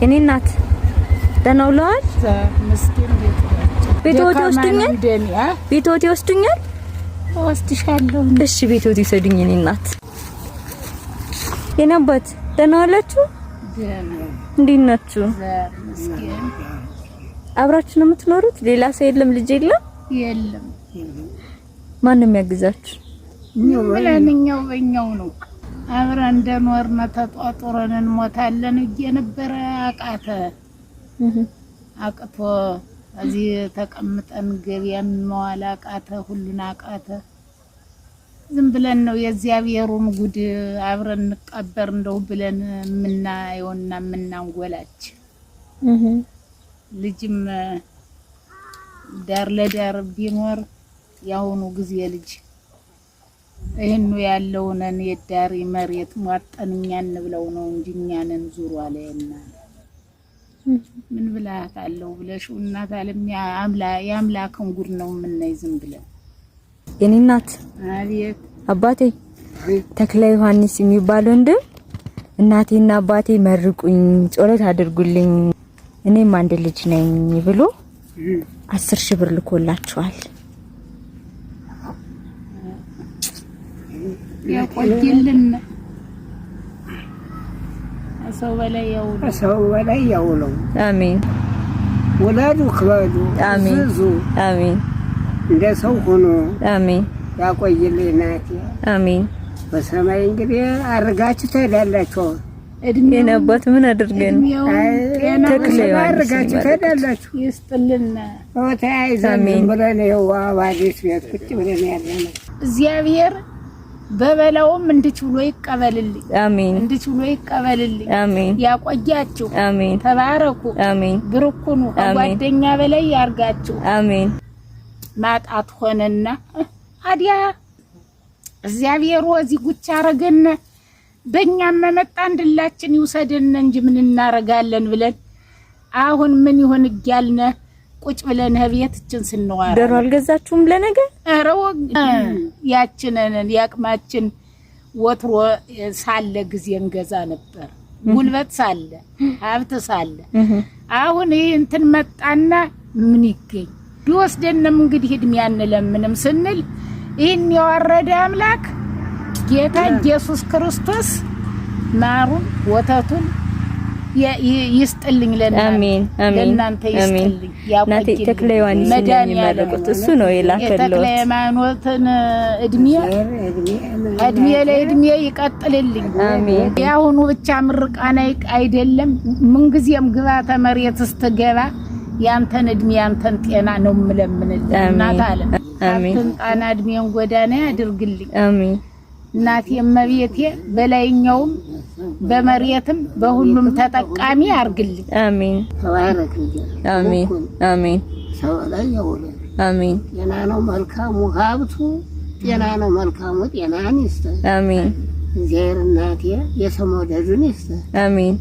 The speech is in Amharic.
የኔ እናት ደህና ውለዋል? ቤት ወቴ ወስዱኛል? ቤት ወቴ ወስዱኛል? ወስድሻለሁ። እሺ ቤት ወቴ የኔ እናት። የኔ አባት ደህና ዋላችሁ? እንዴት ናችሁ? አብራችሁ ነው የምትኖሩት? ሌላ ሰው የለም? ልጅ የለም? የለም። ማን ነው የሚያግዛችሁ? እኛው በእኛው ነው አብረ እንደኖርነ ተጧጡረን እንሞታለን እየነበረ አቃተ አቅቶ እዚህ ተቀምጠን ገቢያም መዋል አቃተ፣ ሁሉን አቃተ። ዝም ብለን ነው የእግዚአብሔሩን ጉድ አብረን እንቀበር እንደው ብለን የምናየውና የምናንጎላች ልጅም ዳር ለዳር ቢኖር የአሁኑ ጊዜ ልጅ ይህኑ ያለውነን የዳሪ መሬት ሟጠን እኛን ብለው ነው እንጂ እኛንን ዙሩ አለ ምን ብላት አለው ብለሽ እናት አለም የአምላክን ጉድ ነው የምናይ ዝም ብለን። የኔ እናት አቤት፣ አባቴ ተክለ ዮሐንስ የሚባል ወንድም እናቴና አባቴ መርቁኝ፣ ጸሎት አድርጉልኝ፣ እኔም አንድ ልጅ ነኝ ብሎ አስር ሺህ ብር ልኮላቸዋል። ያቆይልን። ሰው በላይ ያውሉ፣ ሰው በላይ ያውሉ። አሜን። ውለዱ፣ ክበዱ፣ አሜን፣ አሜን። እንደ ሰው ሆኖ አሜን። ያቆይልን እናቴ አሜን። በሰማይ እንግዲህ አድርጋችሁ ትሄዳላችሁ። እድሜን አባት ምን አድርገን ተክለው አድርጋችሁ ትሄዳላችሁ። ይስጥልን። ተያይዘን ብለን ይኸው አባዴት ቤት ቁጭ ብለን ያለነው እግዚአብሔር በበላውም እንድችሎ ይቀበልልኝ። አሜን። እንድችሎ ይቀበልልኝ። አሜን። ያቆያችሁ። አሜን። ተባረኩ። አሜን። ብርኩኑ ከጓደኛ በላይ ያርጋችሁ። አሜን። ማጣት ሆነና አዲያ እግዚአብሔር ወዚህ ጉቻ አረገን። በእኛም መመጣ እንድላችን ይውሰደን እንጂ ምን እናረጋለን ብለን አሁን ምን ይሆን እያልነ ቁጭ ብለን ህብየት እችን ስንዋራ ደሮ አልገዛችሁም ለነገ ኧረ ያችንን የአቅማችን ወትሮ ሳለ ጊዜ እንገዛ ነበር፣ ጉልበት ሳለ ሀብት ሳለ። አሁን ይህ እንትን መጣና ምን ይገኝ ቢወስደንም እንግዲህ እድሜ አንለምንም ስንል ይህን የዋረደ አምላክ ጌታ ኢየሱስ ክርስቶስ ማሩን ወተቱን ይስጥልኝ ለእናንተ ይስጥልኝ። እናቴ ተክለ ዮሐንስ የሚመረቁት እሱ ነው የላከለው። የሃይማኖትን እድሜ እድሜ ለእድሜ ይቀጥልልኝ። የአሁኑ ብቻ ምርቃና አይደለም፣ ምንጊዜም ግባተ መሬት ስትገባ ያንተን እድሜ ያንተን ጤና ነው የምለምንልኝ እናት አለ አሜን። አትንጣና እድሜን ጎዳና ያድርግልኝ። አሜን እናቴ እመቤቴ በላይኛውም በመሬትም በሁሉም ተጠቃሚ አርግልኝ። አሜን። ተባረክ። አሜን። አሜን። ሰው አሜን። ጤና ነው መልካሙ ሀብቱ፣ ጤና ነው መልካሙ። ጤናን ይስጥ። አሜን። እግዚአብሔር እናቴ የሰሞደዱን ይስጥ። አሜን።